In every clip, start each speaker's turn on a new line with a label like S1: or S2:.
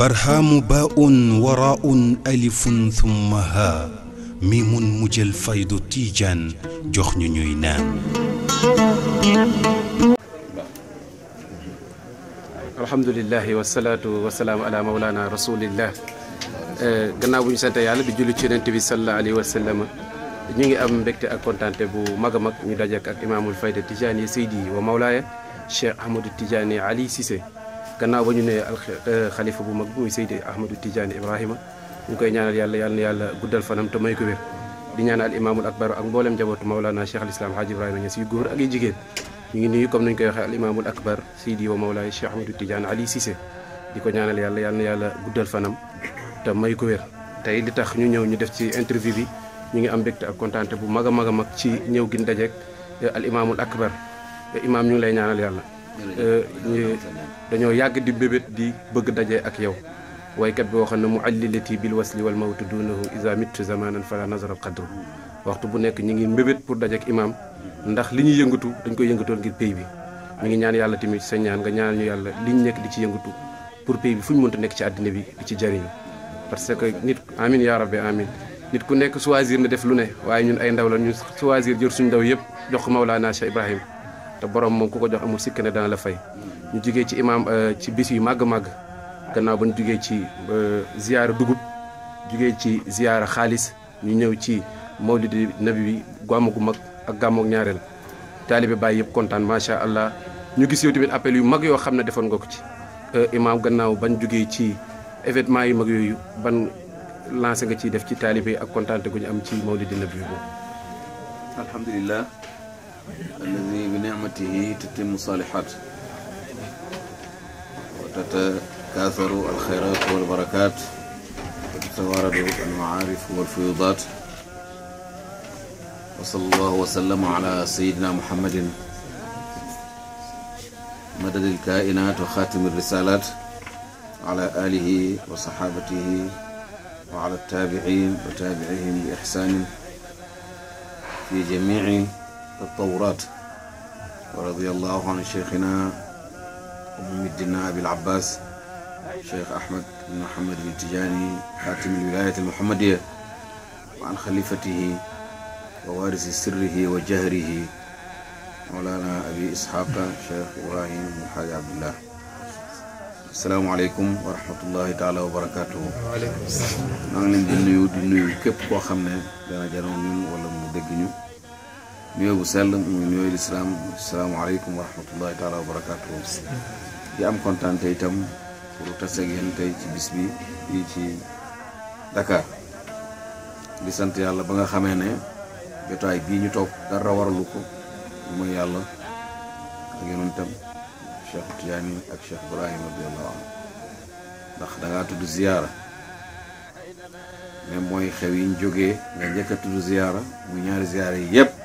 S1: barhaamu baun waraun alifun thumma ha mi mun
S2: mujjël faydu tiijaan jox ñu ñuy naan alhamdulilahi wasalaatu wasalaamu ala maulana rasulillah gannaaw bu ñu sante yàlla di julli ci yonent bi sallallahu alayhi wa sallam ñu ngi am mbégte ak kontante bu mag a mag ñu dajek ak imaamul fayda tijaani seydi wa maulaaya cheikh ahmadou tijaani ali Cissé gannaaw ba ñu nee euh, xalifa bu mag muy Seydi Ahmadou Tidiane Ibrahima ñu koy ñaanal yàlla yàlla yàlla guddal fanam may ko wér di ñaanal imaamul akbar ak mboolem njabootu Maolana Cheikh al Islam Hadj Ibrahima Niass yu jigéen ñu ngi nuyu comme nañu koy waxee al imaamul akbar Seydi wa Maolay Cheikh Ahmadou ko ñaanal yàlla yàlla yàlla guddal fanam te may ko wér tey di tax ñu ñëw ñu def ci interview bi ñu ngi am mbégte ak kontaante bu mag a mag a mag ci ñëw gi dajeek euh, al imaamul akbar imaam ñu ngi lay ñaanal yàlla dañoo yàgg di bébét di bëgg daje ak yow waykat bi waxoon na mu allilati bil wasli wal na dunahu isa mittu zamanan fala nazara qadru waxtu bu nekk ñu ngi mbébét pour daje ak imaam ndax li ñuy yëngatu dañ koy yëngatoon ngir pays bi ñu ngi ñaan yàlla tamit sa ñaan nga ñaan ñu yàlla li ñu nekk di ci yëngatu pour pays bi fu ñu mënta nekk ci àddina bi di ci jariñ parce que nit amin yaa rabbi amin nit ku nekk choisir na def lu ne waaye ñun ay ndaw la ñun choisir jël suñu ndaw yëpp jox ko Mawlaana Cheikh Ibrahima te borom moom ku ko jox amul sikk na dana la fay ñu jugee ci imaam euh, ci bis yu màgg-màgg gannaaw ba ñu jugee ci euh, ziyaara dugub jugee ci ziyaara xaalis ñu ñëw ci mawlidi nabi bi gàmmu gu mag ak gàmmoog ñaareel taalibe Baay yëpp kontaan macha allah ñu gis yow tamit appel yu mag yoo xam ne defoon nga ko ci euh, imaam gannaaw bañ jugee ci événement yu mag yooyu ban lancé nga ciy def ci taalibe ak kontaante gu ñu am ci mawlidi nabi bi alhamdulilah الذي بنعمته
S1: تتم الصالحات وتتكاثر الخيرات والبركات وتتوارد المعارف والفيوضات وصلى الله وسلم على سيدنا محمد مدد الكائنات وخاتم الرسالات على آله وصحابته وعلى التابعين وتابعهم بإحسان في جميع التطورات ورضي الله عن شيخنا أم الدين أبي العباس شيخ أحمد بن محمد بن تجاني حاتم الولاية المحمدية وعن خليفته ووارث سره وجهره مولانا أبي إسحاق شيخ إبراهيم بن حاج عبد الله السلام عليكم ورحمة الله تعالى وبركاته وعليكم السلام maa ngi leen di nuyu di nuyu képp koo nuyoo bu sell muy nuyoo lislaam salaamaaleykum wa rahmatullahi taala wa barakaatu di am kontaan itam pour tase ak yéen tey ci bis bi fii ci Dakar di sant yàlla ba nga xamee ne jotaay bii ñu toog dara waralu ko lu yàlla ak yonent am Cheikh Tidiane ak Cheikh Ibrahima ndax da tudd ziyaara mais mooy xew yi ñu jógee nga njëkk a tudd ziyaara muy ñaari ziyaara yi yépp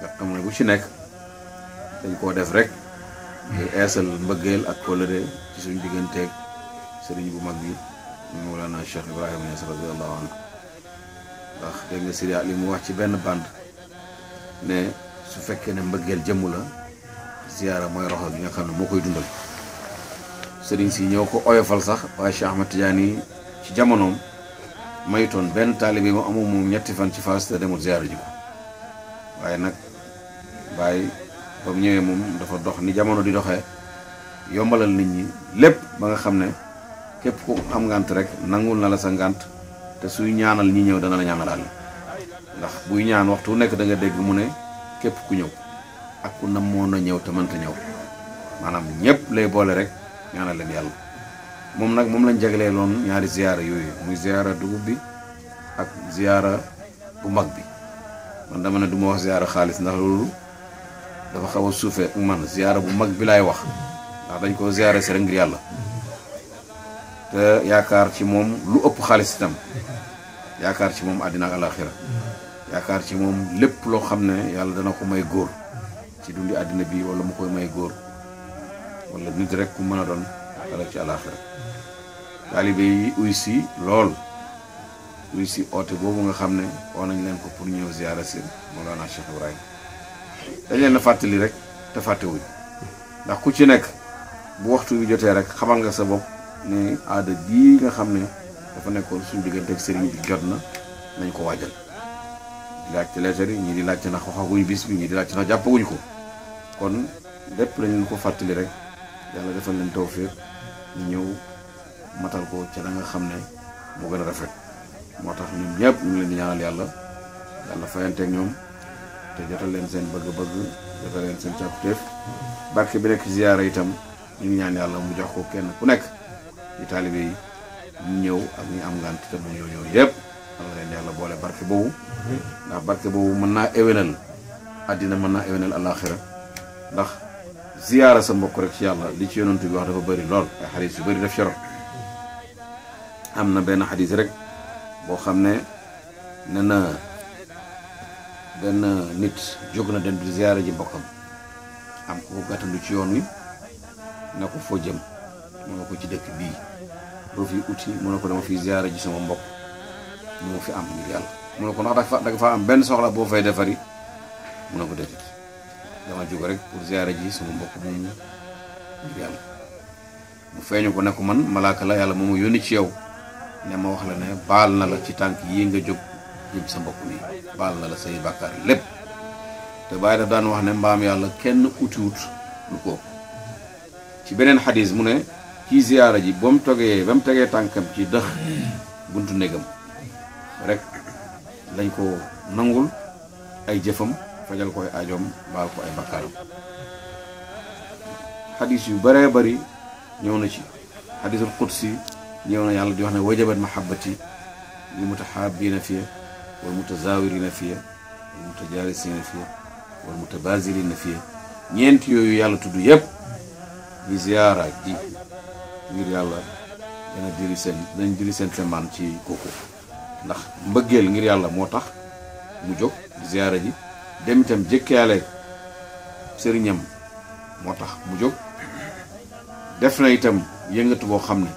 S1: nga xam ne bu ci nekk dañ koo def rek ngir mbëggeel ak kóllëre ci suñu digganteeg sëriñ bu mag bi mu Mawlana Cheikh Ibrahima Niass radiyallahu anhu li mu wax ci benn band ne su fekkee ne mbëggeel jëmm la ziyaara mooy roxo gi nga xam ne moo koy dundal sëriñ si ñëw ko oyofal sax waaye Cheikh Ahmad Tidiane yi ci jamonoom maytoon benn taalibe mu amul moom ñetti fan ci Fass te demul ziyaara ji ko waaye nag bay bam mu mum dafa dox ni jamono di doxé yombalal nit ñi lepp ba nga xamné ne képp ku am ngant rek nangul na la sa ngant té suy ñaanal ñi ñëw dana la ñaanalaal ndax buy ñaan waxtu nekk da nga dégg mu né képp ku ñëw ak ku namoon a ñëw man ta ñëw manam ñëpp lay bolé rek ñaanal leen yalla mom nag mom lañu jaglee lon ñaari ziyara yoy muy ziyara dugub bi ak ziyara bu mag bi man dama ne duma wax ziyara khalis ndax lolu dafa xaw a suufee man ziyaara bu mag bi laay wax ndax dañ ko ziyaara si rek ngir yàlla te yaakaar ci moom lu ëpp xaalis itam yaakaar ci moom àddina ak alaxira yaakaar ci moom lépp loo xam ne yàlla dana ko may góor ci dundi àddina bi wala mu koy may góor wala nit rek ku mën a doon ëllëg ci alaxira taalibe yi uy si lool uy si oote boobu nga xam ne woo nañ leen ko pour ñëw ziyaara si Mawlana Cheikh Ibrahima dañ leen a fàttali rek te fàttewuñ ndax ku ci nekk bu waxtu wi jotee rek xamal nga sa bopp ne aada bii nga xam ne dafa nekkoon suñ diggante ak sëriñ bi jot na nañ ko waajal di laaj ci leetar yi ñii di laaj ci ndax waxaguñ bis bi ñii di laaj ci ndax jàppaguñ ko kon lépp dañ ko fàttali rek yàlla defal leen tawféer ñu ñëw matal ko ca la nga xam ne moo gën a rafet moo tax ñun ñëpp ñu ngi leen di ñaanal yàlla yàlla fayanteeg ñoom te jotal leen seen bëgg-bëgg jotal leen seen càkkutéef barke bi nekk ziyaara itam ñu ngi ñaan yàlla mu jox ko kenn ku nekk ci taalibe yi ñëw ak ñu am ngant itam ñu ñëw ñëw am na leen yàlla boole barke boobu ndax barke boobu mën naa éwénal àddina mën naa éwénal alaaxira ndax ziyaara sa mbokk rek ci yàlla li ci yonent bi wax dafa bëri lool ay xadis yu bëri daf yoroon am na benn xadis rek boo xam ne nee benn nit jóg na dem di ziyaara ji bokkam am ku ko ci yoon wi na foo jëm mun ko ci dëkk bii loo fi uti mun na ko dama fi ziyaara ji sama mbokk moo fi am ngir yàlla mun na ko am benn soxla boo fay defari na ko defit dama rek pour ziyaara ji moom yàlla mu feeñu ko ne ko man malaaka la yàlla moom yónni ci yow ne ma wax la ne baal na la ci tànk yi nga jóg jëm sa mbokk mi baal na la say bàkkaar lépp te bàyyi daf daan wax ne mbaam yàlla kenn utiwut lu ko ci beneen xadis mu ne kii ziyaara ji ba mu togee ba mu tànkam ci dëx buntu néegam rek lañ ko nangul ay jëfam fajal koy ajoom baal ko ay bakkaaram xadis yu baree bari ñëw na ci xadisul si ñëw na yàlla di wax ne wajabat mahabbati li mutahabina fii wal mutazawirina fiya wal mutajalisina fiya wal mutabazirina fiya ñeent yooyu yàlla tudd yëpp di ziyaara ji ngir yàlla dana diri seen dañ diri seen semaan ci kooku ndax mbëggeel ngir yàlla moo tax mu jóg di ziyaara ji dem itam jëkkaale sëriñam moo tax mu jóg def na itam yëngatu boo xam ne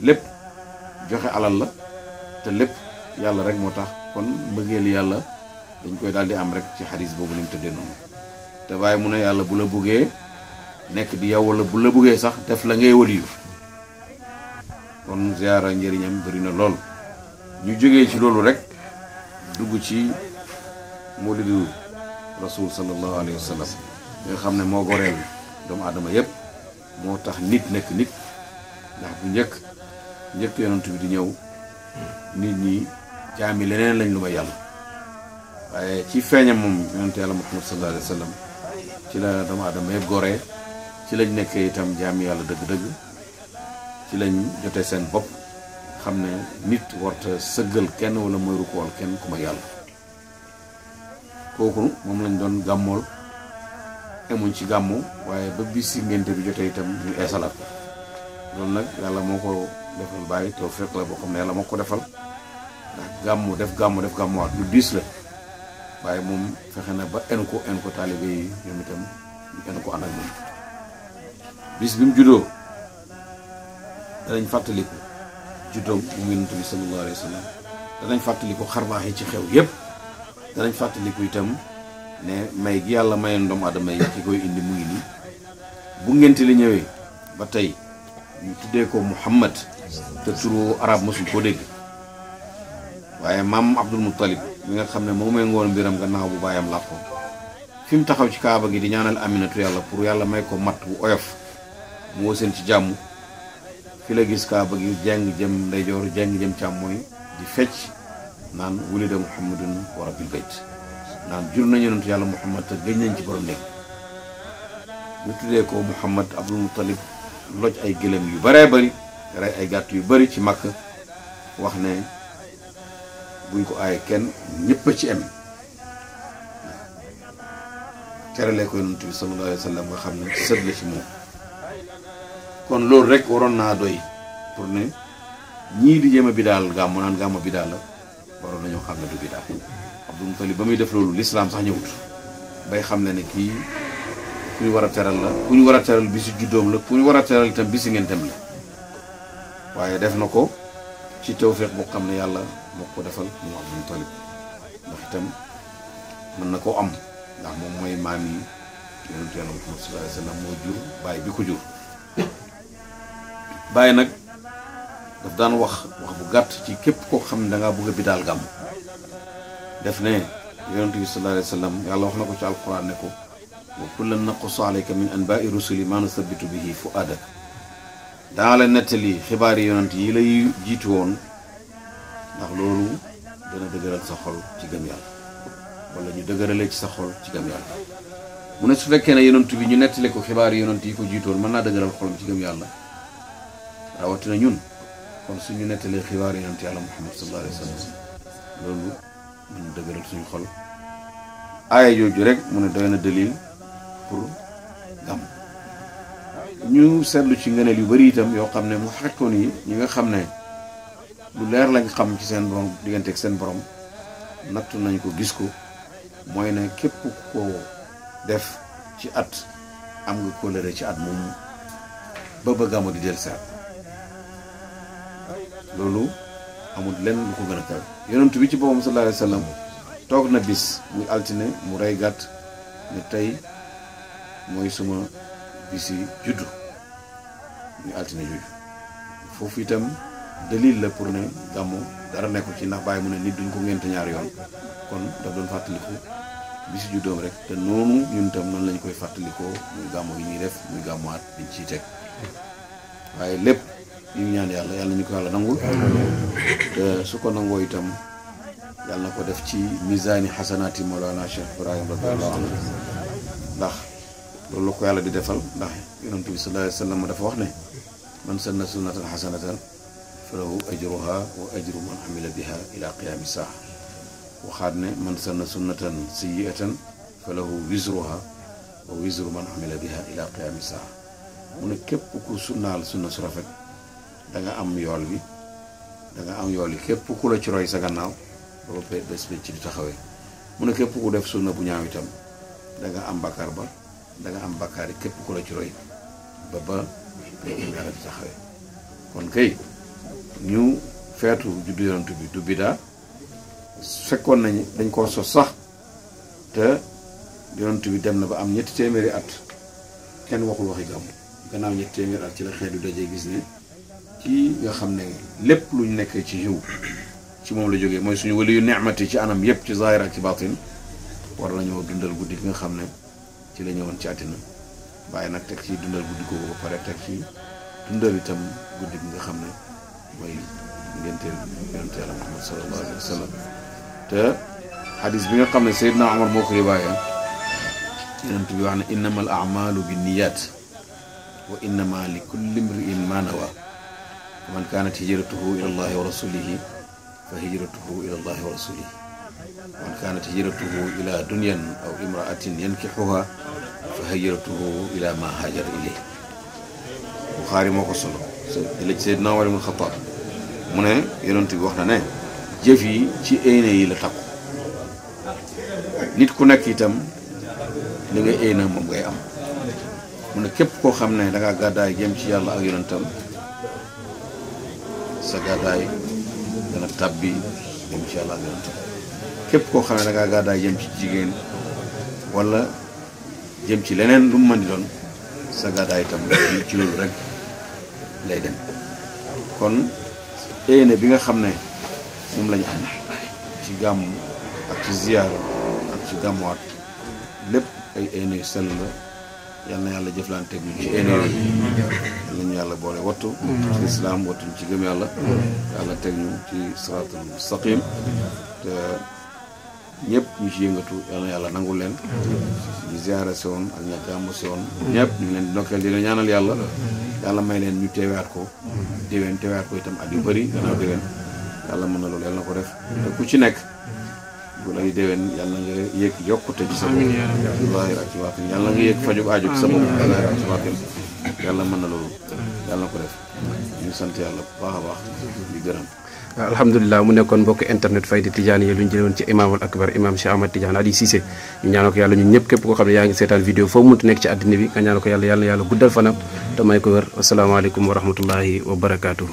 S1: lépp joxe alal la te lépp yàlla rek moo tax kon mbëggeel yàlla dañ koy daal di am rek ci xadis boobu ni mu tëddee noonu te waaye mu ne yàlla bu la buggee nekk di yow wala bu la buggee sax def la ngay waliyu kon ziyaara njëriñam bëri na lool ñu jógee ci loolu rek dugg ci mawlidu rasul sallallahu alayhi wa sallam nga xam ne moo goreel doomu aadama yépp moo tax nit nekk nit ndax bu njëkk njëkk yonent bi di ñëw nit ñi jaami leneen lañ lu may yàlla waaye ci feeñam moom yonente yàlla muhammad sallallahu alayhi wa ci lañ nekkee itam jaami yàlla dëgg-dëgg lañ jotee seen bopp xam ne nit warta sëggal kenn wala mooy rukool kenn ku ma kooku moom lañ doon gàmmool emuñ ci gàmmu waaye ba bis si ngénte bi jotee itam ñu eesalaat loolu moo ko defal bàyyi tawfiq la boo xam ne yàlla moo ko defal ndax gàmmu def gàmmu def gàmmuwaat lu diis la waaye moom fexe na ba en ko en ko taalibe yi ñoom bi mu juddoo danañ fàttaliku juddoom mu yonent bi sallallahu alayhi wa danañ fàttaliku xarbaax yi ci xew yépp danañ fàttaliku itam ne may gi yàlla mayoon doomu aadama yi ki koy indi mu ngi nii bu ngente li ñëwee ba tey ñu tuddee ko Muhammad te turu arab mosul koo dégg waye Mam abdul muttalib mi nga xamne ne moo biram mbiram gannaaw bu bayam làqoo fim taxaw ci kaaba gi di ñaanal aminatu yalla pour yalla may ko mat bu oyof mo seen ci jamm fi la gis kaaba gi jeng jëm jor jeng jëm càmmooy di fecc nan wulida muhammadun wa rabbil bayt nan jur nañu yalla muhammad te gëñ nañ ci borom nek ñu ko muhammad abdul muttalib loj ay gelem yu bare bari rey ay gàtt yu bari ci màkk wax ne buñ ko aaye kenn ñëpp a ci am terale ko yonent bi sallallahu alayhi wa nga xam ne sët la ci moom kon loolu rek waroon naa doy pour ne ñii di jéem a bidaal gàmmu naan gàmmu bidaal la waroon nañoo xam ne du bidaal Abdul Mutalib ba muy def loolu lislaam sax ñëwut bay xam ne ne kii ku ñu war a teral la ku ñu war a teral bi si juddoom la ku ñu war a teral itam bi si ngeen dem la waaye def na ko ci tawféex boo xam ne yàlla moo ko defal mu Abdul Talib ndax itam mën na koo am ndax moom mooy maam yi yonentu yàlla Muhammad sallallahu alayhi wa sallam moo jur bàyyi bi ko jur bàyyi nag daf daan wax wax bu gàtt ci képp koo xam ne da bëgg bi daal gàmm def ne yonentu bi sa alayhi wa sallam yàlla wax na ko ci alquran ne ko wa kullan naqussu alayka min anba'i sa ma nusabbitu bihi fu'adak dana la nettali xibaar yi yonent yi lay jitu won ndax lolu dana dëgëral sa xol ci gam yàlla wala ñu dëgëralee ci sa xol ci gam yàlla mu ne su fekke ne yonent bi ñu nettali ko xibaar yi yonent yi ko jitu won man na dëgëral xol ci gam yàlla rawati na ñun kon su ñu nettalee xibaar yi yonent yàlla muhammad sallallahu alayhi wasallam lolu loolu mën suñu xol aaya jooju rek mu ne doyna na dalil pour gam ñu seetlu ci ngëneel yu bari itam yoo xam ne mu xaqoon yi ñi nga xam ne lu leer lañ xam ci seen borom digganteeg seen borom nattu nañ ko gis ko mooy ne képp ko def ci at am nga kóllëre ci at moomu ba bëggaama di del saat loolu amul lenn lu ko gën a kawe bi ci boppam sallallahu alayhi toog na bis muy altine mu rey gàtt ne tey mooy suma bi si juddu ñu altine jooju foofu itam dalil la pour ne gàmmu dara nekku ci ndax bàyyi mu ne nit duñ ko ngénte ñaar yoon kon daf doon fàttaliku bi si juddoom rek te noonu ñun tam mën lañ koy fàttalikoo muy gàmmu yi ñuy def muy gàmmuwaat biñ ci teg waaye lépp ñu ñaan yàlla yàlla ñu ko yàlla nangul te su ko nangoo itam yàlla na ko def ci misaani xasanaati Mawlana Cheikh Ibrahim radiyallahu anhu loolu la ko yàlla di defal ndax yonent bi sallallahu alayhi wa sallam dafa wax ne man sanna sunnatan xasanatan falahu ajruha wa ajru man amila biha ila qiyaami saa waxaat ne man sanna sunnatan sayyiatan falahu wisruha wa wisru man amila biha ila qiyaami saa mu ne képp ku sunnaal sunna su rafet da nga am yool bi da nga am yool yi képp ku la ci roy sa gannaaw ba ba bés ba ci di taxawee mu ne képp ku def sunna bu ñaaw itam da nga am bakkaar ba da nga am bakkaar yi képp ku la ci roy ba ba ay imaara di taxawee kon kay ñu feetu juddu yonent bi du bida fekkoon nañu dañ koo sos sax te yonent bi dem na ba am ñetti téeméeri at kenn waxul waxi gàmm gannaaw ñetti téeméeri at ci la xeetu dajee gis ni ci nga xam ne lépp lu ñu nekk ci yiw ci moom la jógee mooy suñu wali yu neexmati ci anam yépp ci zaahir ak ci baatin war nañoo dundal guddi ki nga xam ne ci la ñëwoon ci àddina waaye nag teg ci dundal guddi ko ba pare teg ci dundal itam guddi bi nga xam ne mooy ngenteel yonente yàlla Muhammad sallallahu wa sallam te xadis bi nga xam ne Seydina Omar moo ko riwaaye yonent bi wax ne innama al amalu bi niyat wa innama li kulli mriin ma nawa man kaanat hijratuhu ila wa rasulihi fa hijratuhu ila wa rasulihi man kaanat hijratuhu ila dunyan aw imraatin yankixuha fa hijratuhu ila ma hajar ilay Buxaari moo ko solo jële ci Seydina Umar ibn mu ne yonent bi wax na ne jëf yi ci ayna yi la takku nit ku nekk itam li ngay ayna moom ngay am mu ne képp koo xam ne danga gàddaay jëm ci yàlla ak yonentam sa gàddaay dana tàbbi jëm ci yàlla ak yonentam képp koo xam ne da ngaa gàddaay ci jigéen wala jëm ci leneen lu man di doon sa gàddaay itam ci loolu rek lay dem kon éene bi nga xam ne moom lañu am ci gàmmu ak ci ziyaara ak ci gàmmuwaat lépp ay éene yu sell la yàlla jëflante ak ñu ci éene yooyu yal yàlla boole wattu ci islaam wattuñ ci gëm yàlla yàlla teg ci siraatul mustaqim ñëpp ñu ci yëngatu yal na yàlla nangul leen ñu ziara si woon ak ña gàmmu si woon ñëpp ñu ngi leen di ndokkeel dina ñaanal yàlla yàlla may leen ñu teewaat ko déwén teewaat ko itam at yu bëri gannaaw déwén mën na loolu yàlla na ko def te ku ci nekk bu lay déwén yàlla nga yëg yokkute ci sa bopp wallaahi yàlla nga yëg fajug aajo ci sa bopp
S2: yàlla mën na loolu yàlla na ko def ñu sant yàlla bu baax a baax di gërëm alhamdulillah mu nekkoon mbokk internet fay di tidiane yi lu ñu jëloon ci al akbar imam cheikh ahmad tidiane ali cissé ñu ñaan ko yàlla ñun ñëpp képp ko xam ne yaa ngi seetaan vidéo foo mënta nekk ci àddina bi nga ñaan ko yàlla yàlla yàlla guddal fanam te may ko wér asalaamaaleykum wa rahmatullahi wa barakaatu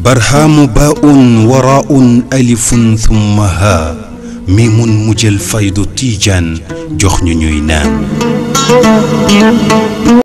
S1: برهام باء وراء ألف ثم ها ميم مجل فيض تيجان جخن نينان